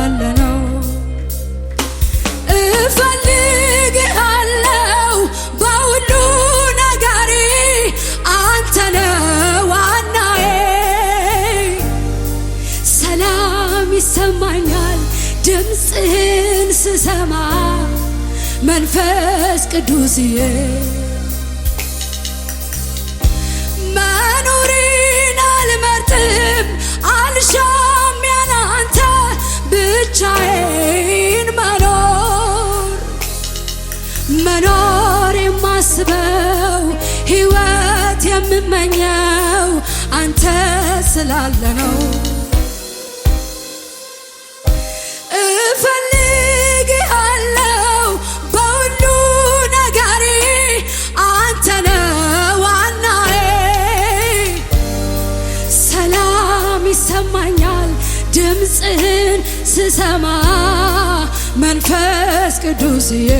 ያለነው እፈልግሃለው በሁሉ ነገር አንተነ ዋናዬ ሰላም ይሰማኛል ድምፅህን ስሰማ መንፈስ ቅዱስዬ የምመኘው አንተ ስላለ ነው። እፈልግሃለው በሁሉ አንተ አንተነ ዋናዬ። ሰላም ይሰማኛል ድምፅህን ስሰማ መንፈስ ቅዱስዬ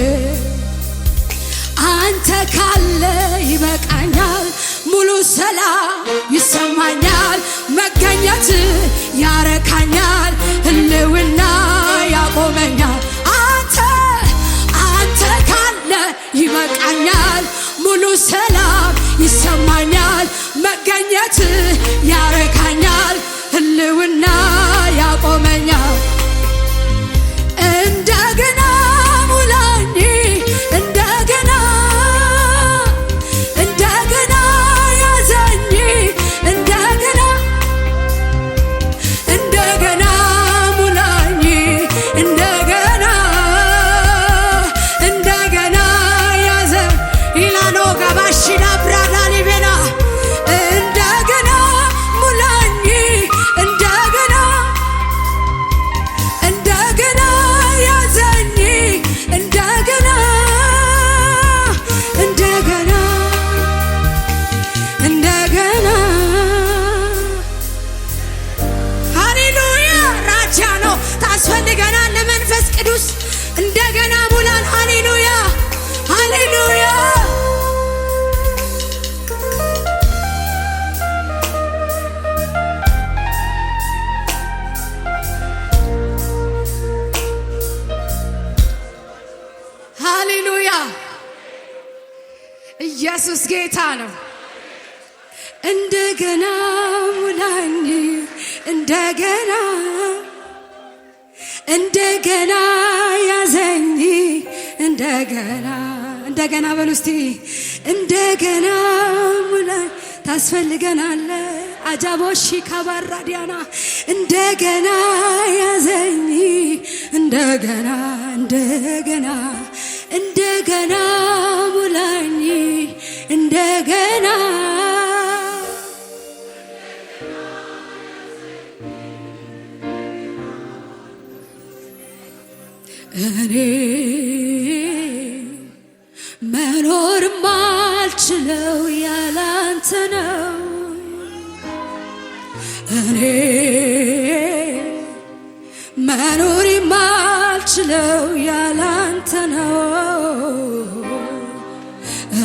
አንተ ካለ ይበቃኛል። ሙሉ ሰላም ይሰማኛል መገኘት ያረካኛል ያስፈልገናል። ለመንፈስ ቅዱስ እንደገና ሙላን። ሃሌሉያ ሃሌሉያ። ኢየሱስ ጌታ ነው። እንደገና ሙላኝ እንደገና እንደገና ያዘኝ እንደገና እንደገና በሉ እስቲ እንደገና ሙላ ታስፈልገናለ አጃቦሺ ካባራዲያና እንደገና ያዘኝ እንደገና እንደገና እንደገና ሙላኝ እንደገና እኔ መኖር ማልችለው ያላንተ ነው። እኔ መኖር ማልችለው ያላንተ ነው።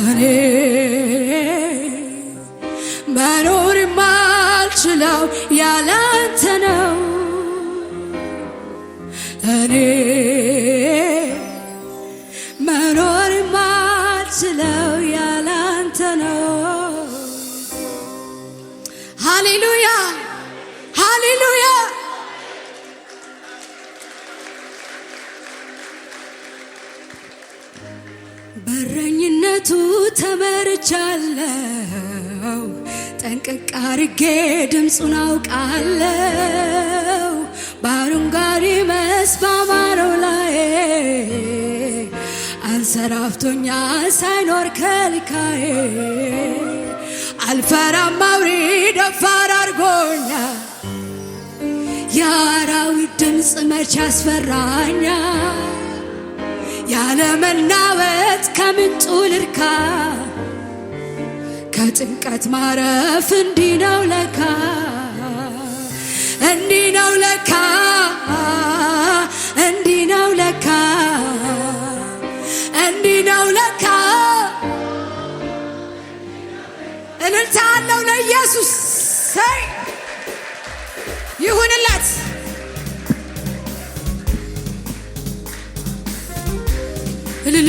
እኔ መኖር ማልችለው ያላንተ ነው። እኔ ሃሌሉያ ሃሌሉያ። በረኝነቱ ተመርቻለሁ፣ ጠንቅቅ አርጌ ድምፁን አውቃለሁ። በአረንጓዴ መስባማረው ላይ አንሰራፍቶኛ ሳይኖር ከልካዬ አልፈራም አውሬ ደፋር አርጎኛ የአራዊት ድምፅ መች ያስፈራኛ ያለመናወጥ ከምንጩ ልርካ ከጭንቀት ማረፍ እንዲህ ነው ለካ እንዲህ ነው ለካ እሰይ ይሁንላት። እልል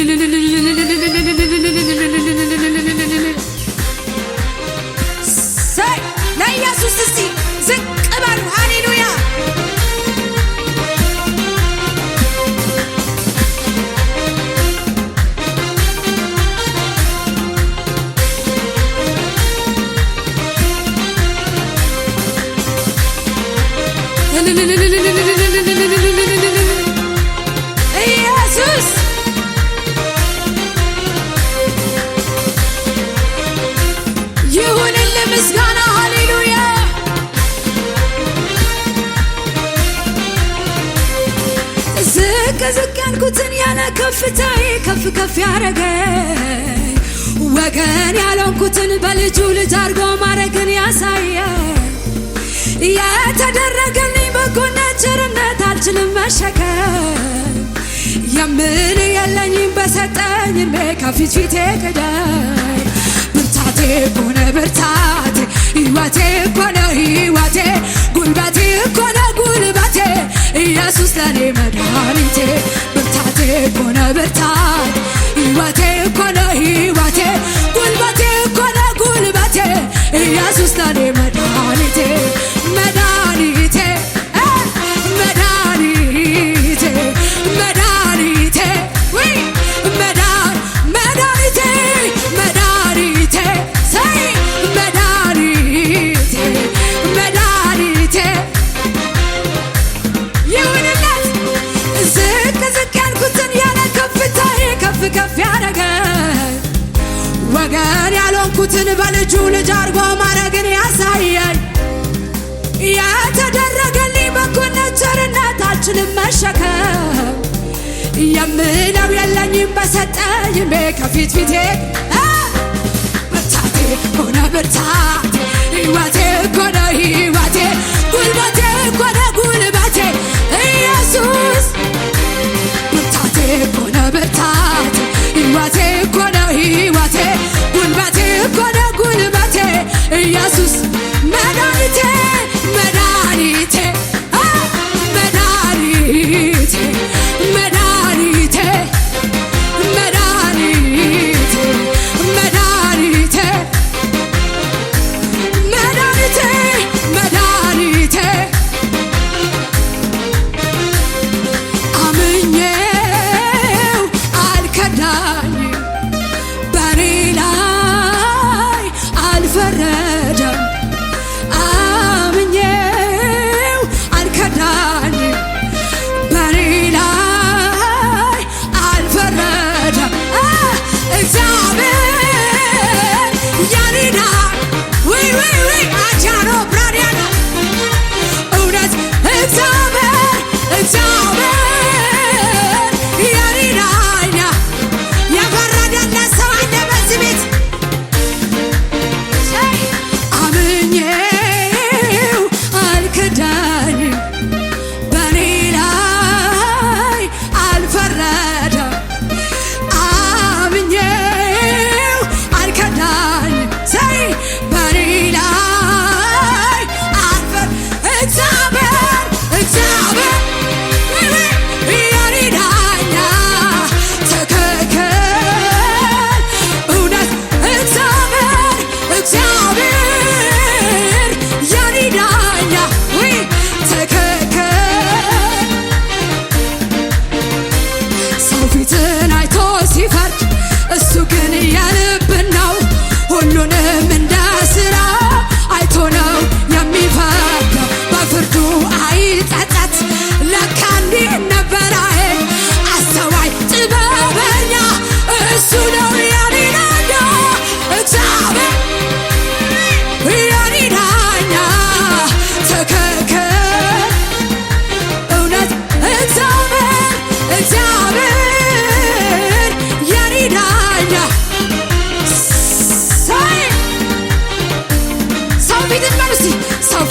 ዝቅ ያለ ከፍታዬ ከፍ ከፍ ያረገኝ ወገን በልጁ ልጅ አድርጎ ማረግን ያሳየ የተደረገልኝ በጎነት ቸርነት አልችልም መሸከም የለኝም በሰጠኝ እድሜ ከፊት ፊቴ ቅደም ብርታቴ ብርታቴ ሞትን በልጁ ልጅ አርጎ ማረግን ያሳያል። የተደረገልኝ በጎነት ቸርነት አልችልም መሸከም የምለው የለኝም በሰጠኝ ከፊት ፊቴ ብርታቴ ሆነ ብርታቴ ሕይወቴ ሆነ ሕይወቴ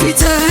biter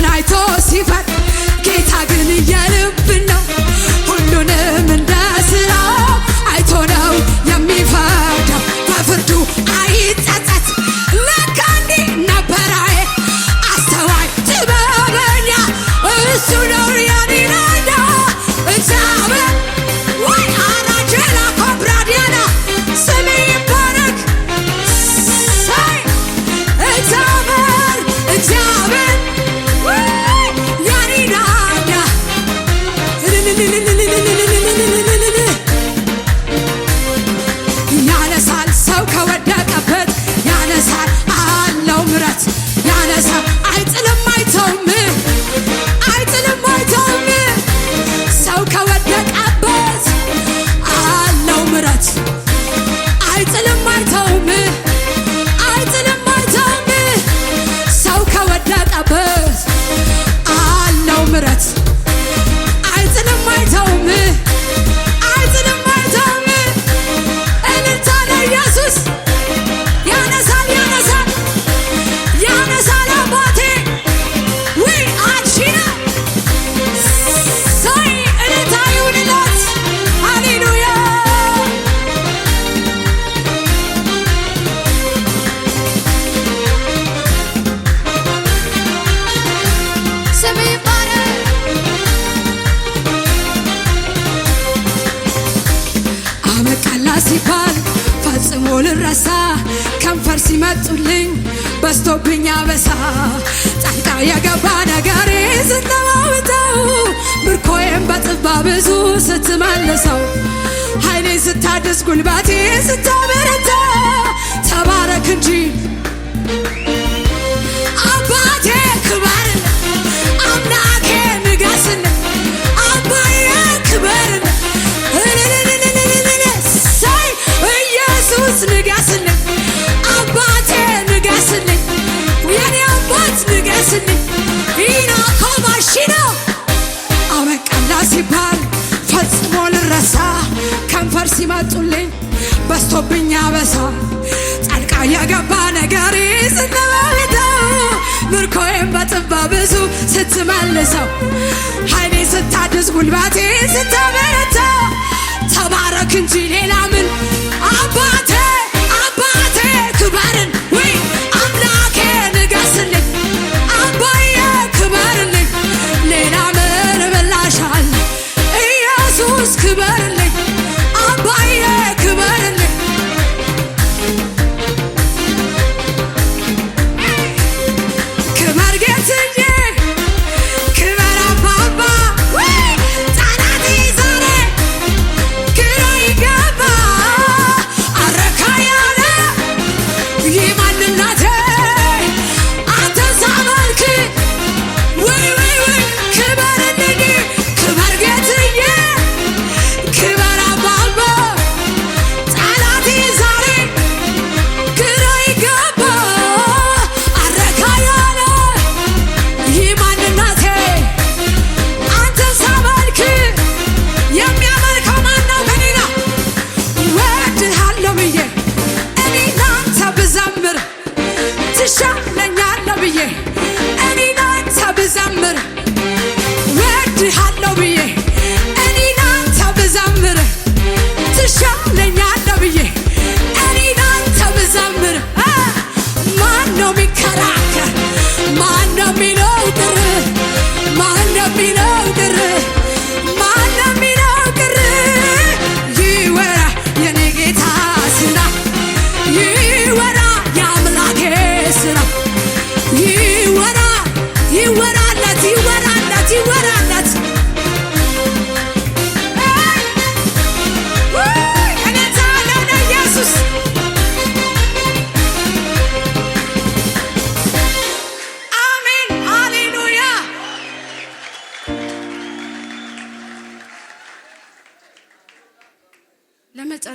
ሲመጡልኝ በስቶብኝ በሳ ጣልቃ የገባ ነገሬ ስተማውተው ምርኮዬም በጥባ ብዙ ስትመልሰው ኃይሌ ስታድስ ጉልበቴ ስታበረታ ተባረክ እንጂ ስትቀባ ብዙ ስትመልሰው ኃይሌ ስታድስ ጉልባቴ ስታበረታ ተባረክ እንጂ ሌላ ምን አባቴ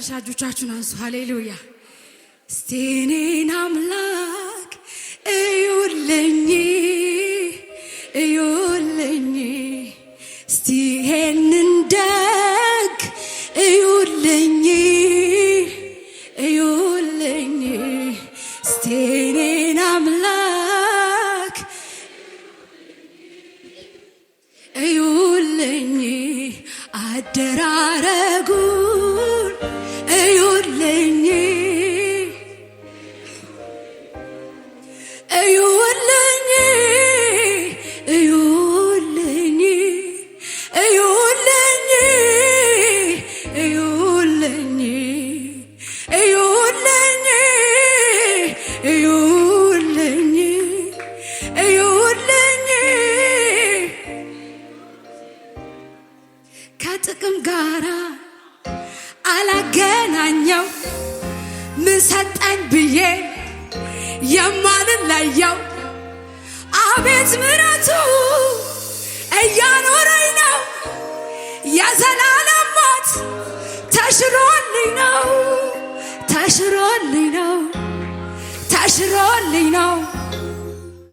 መጨረሻ እጆቻችሁን አንሱ። ሃሌሉያ። እስቲ እኔን አምላክ እዩልኝ፣ እዩልኝ፣ እስቲ ይሄንን ደግ እዩልኝ፣ እዩልኝ፣ እስቲ እኔን አምላክ እዩልኝ አደራረ የማገኘው ምን ሰጠኝ ብዬ የማልለየው አቤት ምረቱ እያኖረኝ ነው የዘላለም ሞት ተሽሮልኝ ነው ተሽሮልኝ ነው ተሽሮልኝ ነው